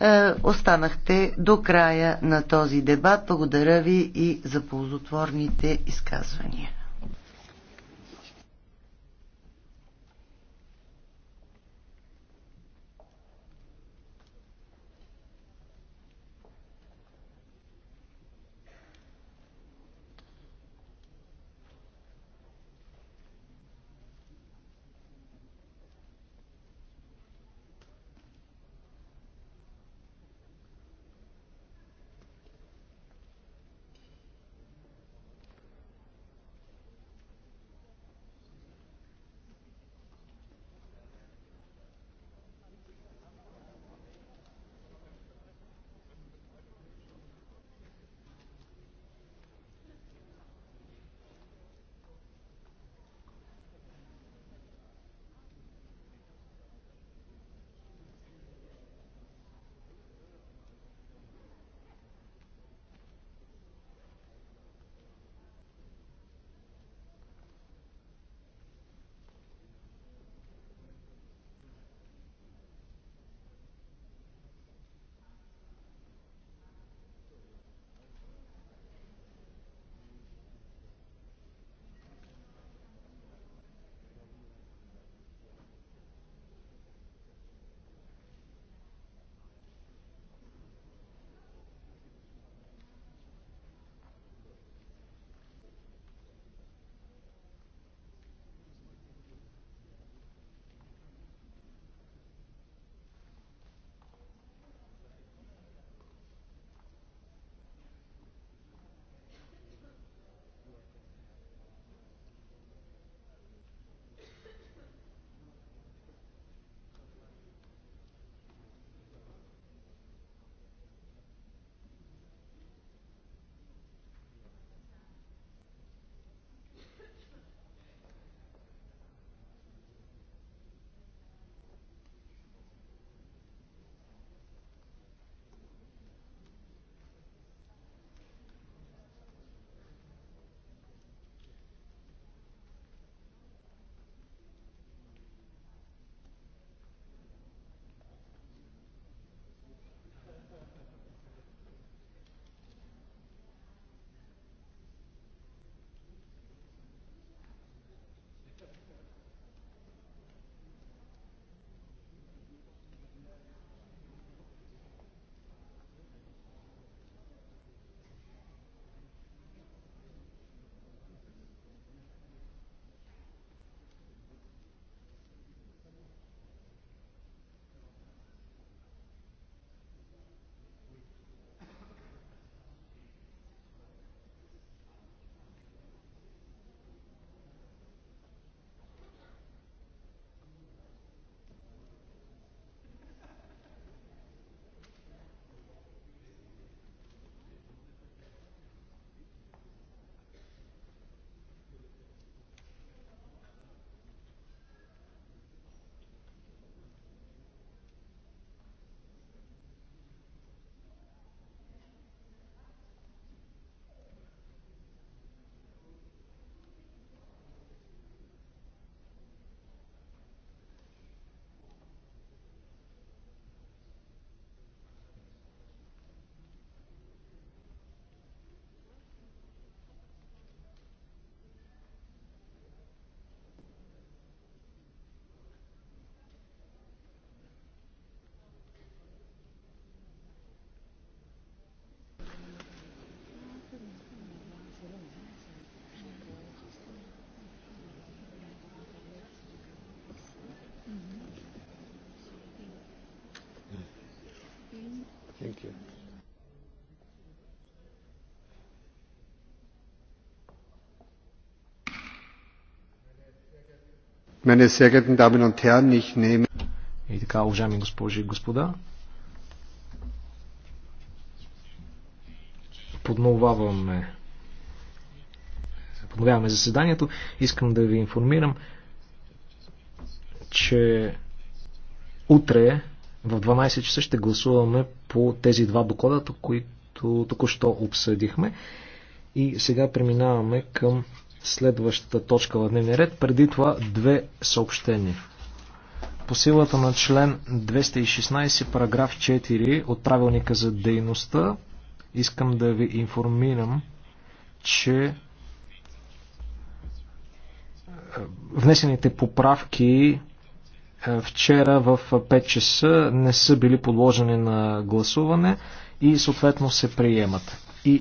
Е, останахте до края на този дебат. Благодаря ви и за ползотворните изказвания. Thank Мене Meine sehr geehrten тя, них не ich И така, уважаеми госпожи и господа, подновяваме подновяваме заседанието. Искам да ви информирам, че утре в 12 часа ще гласуваме по тези два доклада, които току-що обсъдихме. И сега преминаваме към следващата точка в дневния ред. Преди това две съобщения. По силата на член 216, параграф 4 от правилника за дейността, искам да ви информирам, че е, внесените поправки вчера в 5 часа не са били подложени на гласуване и съответно се приемат.